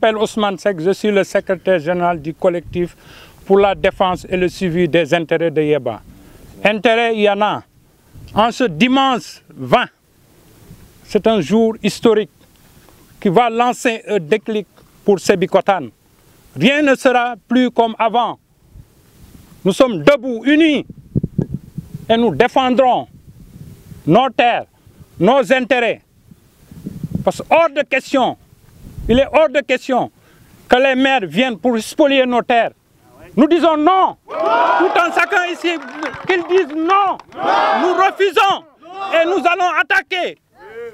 m'appelle Ousmane Sek, je suis le secrétaire général du collectif pour la défense et le suivi des intérêts de Yéba. Intérêts, il y en a. En ce dimanche 20, c'est un jour historique qui va lancer un déclic pour Sebikotan. Rien ne sera plus comme avant. Nous sommes debout, unis, et nous défendrons nos terres, nos intérêts. Parce que hors de question il est hors de question que les maires viennent pour spolier nos terres. Nous disons non. Tout en chacun ici, qu'ils disent non. nous refusons et nous allons attaquer,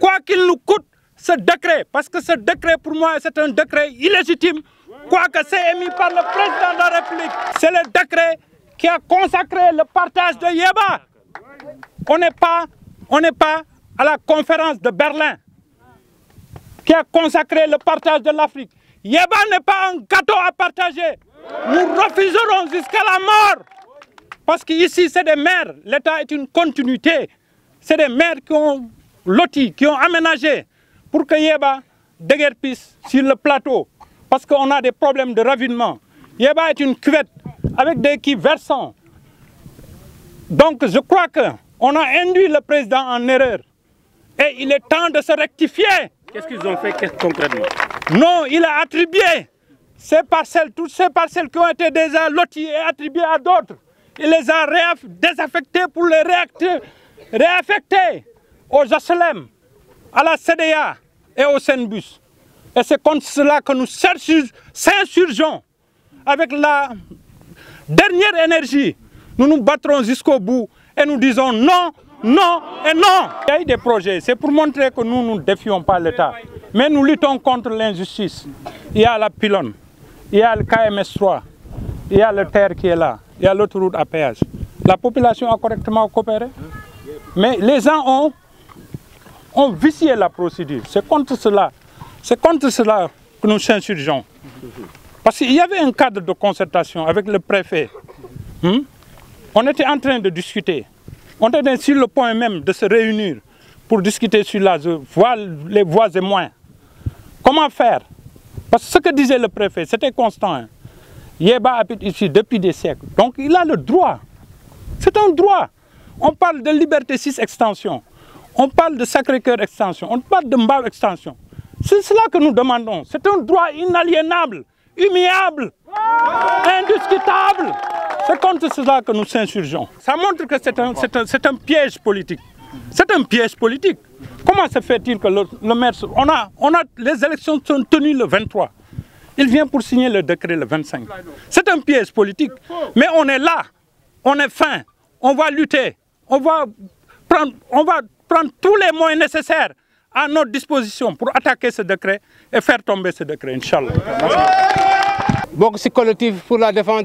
quoi qu'il nous coûte, ce décret. Parce que ce décret, pour moi, c'est un décret illégitime, Quoi que c'est émis par le président de la République. C'est le décret qui a consacré le partage de Yéba. On n'est pas, on n'est pas à la conférence de Berlin qui a consacré le partage de l'Afrique. Yéba n'est pas un gâteau à partager. Nous refuserons jusqu'à la mort. Parce qu'ici, c'est des maires. L'État est une continuité. C'est des maires qui ont loti, qui ont aménagé pour que Yéba déguerpisse sur le plateau. Parce qu'on a des problèmes de ravinement. Yéba est une cuvette avec des qui versants. Donc je crois qu'on a induit le président en erreur. Et il est temps de se rectifier. Qu'est-ce qu'ils ont fait concrètement Non, il a attribué ces parcelles, toutes ces parcelles qui ont été déjà loties et attribuées à d'autres. Il les a désaffectées pour les réaffecter aux HLM, à la CDA et au Senbus. Et c'est contre cela que nous s'insurgeons avec la dernière énergie. Nous nous battrons jusqu'au bout et nous disons non non et non Il y a eu des projets, c'est pour montrer que nous, ne défions pas l'État. Mais nous luttons contre l'injustice. Il y a la pylône, il y a le KMS3, il y a le terre qui est là, il y a l'autoroute à péage. La population a correctement coopéré. Mais les gens ont, ont vicié la procédure. C'est contre cela. C'est contre cela que nous s'insurgeons. Parce qu'il y avait un cadre de concertation avec le préfet. Hmm? On était en train de discuter. On était sur le point même de se réunir pour discuter sur la voie, les voies et moyens. Comment faire Parce que ce que disait le préfet, c'était constant. Hein. Yeba habite ici depuis des siècles. Donc il a le droit. C'est un droit. On parle de Liberté 6 extension. On parle de Sacré-Cœur extension. On parle de Mbao extension. C'est cela que nous demandons. C'est un droit inaliénable, humiliable, indiscutable. C'est contre cela que nous insurgeons. Ça montre que c'est un, piège politique. C'est un piège politique. Comment se fait-il que le, maire... On a, on a, les élections sont tenues le 23. Il vient pour signer le décret le 25. C'est un piège politique. Mais on est là. On est fin. On va lutter. On va prendre, on va prendre tous les moyens nécessaires à notre disposition pour attaquer ce décret et faire tomber ce décret, Inch'Allah. Donc, c'est collectif pour la défense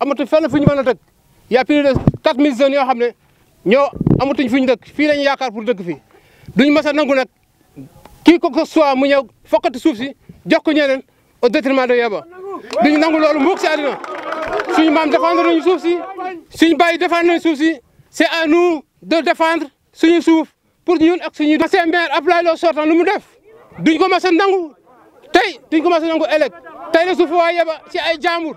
amatuñ fenn fu fini mën a dëkk y a 4000 jeunes yoo xam ne ñoo amatuñ fu ñu dëkk fii lañu yaakaar pour dëkk fii duñ mas a nangu nag kii ko que soit mu ñëw fokkati suuf si jox ko ñeneen au détriment de Yaba duñ nangu loolu mukk si àddina suñu maam défendre nañu suuf si suñu bàyyi défendre nañu suuf si c'est à nous de défendre suñu suuf pour ñun ak suñu ancien maire Abdoulaye Lo sortant lu mu def duñ ko mas a nangu tey duñ ko mas a nangu ëllëg tey la suuf waa Yaba si ay jaambur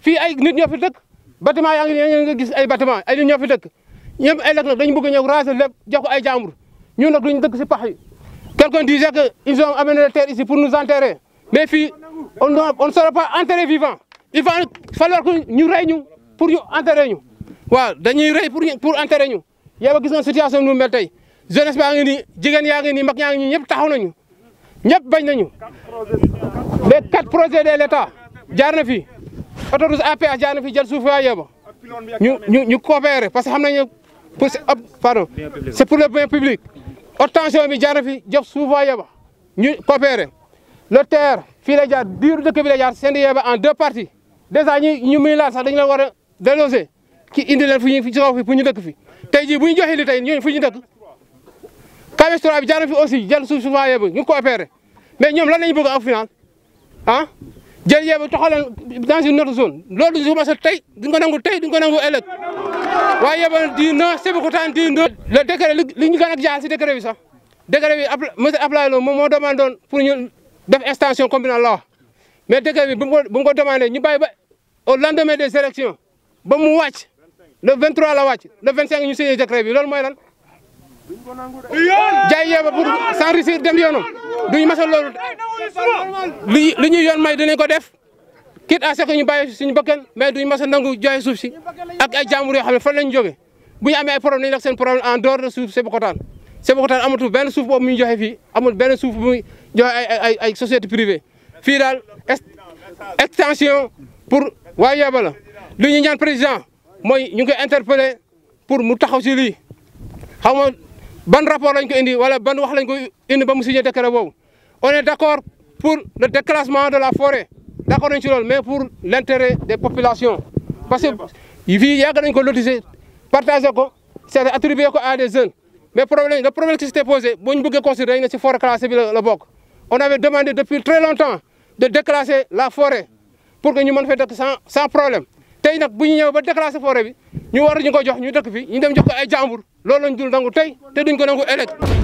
fii ay nit ñoo fi dëkk bâtiment yaa ngi ne nga gis ay bâtiment ay nit ñoo fi dëkk ñoom ay lëkk nag dañu bëgg ñëw raser lépp jox ko ay jàmbur ñun nag duñu dëkk si pax yi quelqu'un disait que ils ont amené la terre ici pour nous enterrer fii on on ne sera pas enterré vivant il va falloir que ñu rey ñu pour ñu enterrer ñu waaw dañuy rey pour pour enterrer ñu yow gis nga situation nu mel tey jeunesse baa ngi nii jigéen yaa ngi ni mag yaa ngi nii ñëpp taxaw nañu ñëpp bañ nañu les quatre projets de l'État jaar na fi autoroute à péage jaana fi jël suuf waa yeba ñu ñu ñu coopérer parce que xam nañu pour pardon c'est pour le bien public attention bi jaana fi jël suuf waa yeba ñu coopérer le terre fii la jaar diiru dëkk bi la jaar en deux parties déjà ñu ñu muy laal sax dañu la war a déloger ki indi leen fu ñu fi soxla fi pour ñu dëkk fi te jii bu ñu joxee li tey ñooñu fu ñu dëkk KMS 3 bi jaana fi aussi jël su suuf waa yeba ñu coopérer mais ñoom lan lañu bëgg ak final ah jël yéen taxaleen dans une autre zone loolu du ko mos a tey du ñu ko nangu tey du ñu ko nangu ëllëg waaye yéen di non Sébikotane di non. le décret li ñu gën a jaar si décret bi sax décret bi ab monsieur Abdoulaye Lo moo demandoon pour ñu def extension communale la wax mais décret bi bu ko bu ñu bàyyi ba au lendemain des élections ba mu wàcc le 23 la wàcc le 25 ñu signé décret bi loolu mooy lan. jaay yéen pour s'enrichir dem yoonam. duñu masal loolu li li ñu yoon may dinañ ko def quitte à ce que ñu bàyyi suñu bakkan mais duñu masal nangu suuf ak ay jàmbur yoo xam ne lañ jóge bu ñu amee ay problème nañ rek seen problème en dehors de suuf Sébikotane Sébikotane amatul benn suuf boobu muy joxe fii amul benn suuf bu muy ay ay ay société privée fii daal extension pour waa Yaba la li ñu ñaan président mooy ñu ngi interpeller pour mu taxaw si lii xaw ban rapport lañ ko indi wala ban wax lañ ko indi ba mu signé décret on est d'accord pour le déclassement de la forêt d'accord mais pour l'intérêt des populations parce que il y a des lotiser partager ko c'est attribuer ko à des zones. mais problème le problème qui s'était posé boo ñu bëggee construire dañ ci forêt classée bi la bokk on avait demandé depuis très longtemps de déclasser la forêt pour que ñu mën fee sans sans problème Tay nak buñu ñu ñëw ba déclasser forêt bi ñu war ñu ko jox ñu dëkk fi ñu dem jox ko ay jambour loolu lañ dul dangu tay té duñ ko nangu élect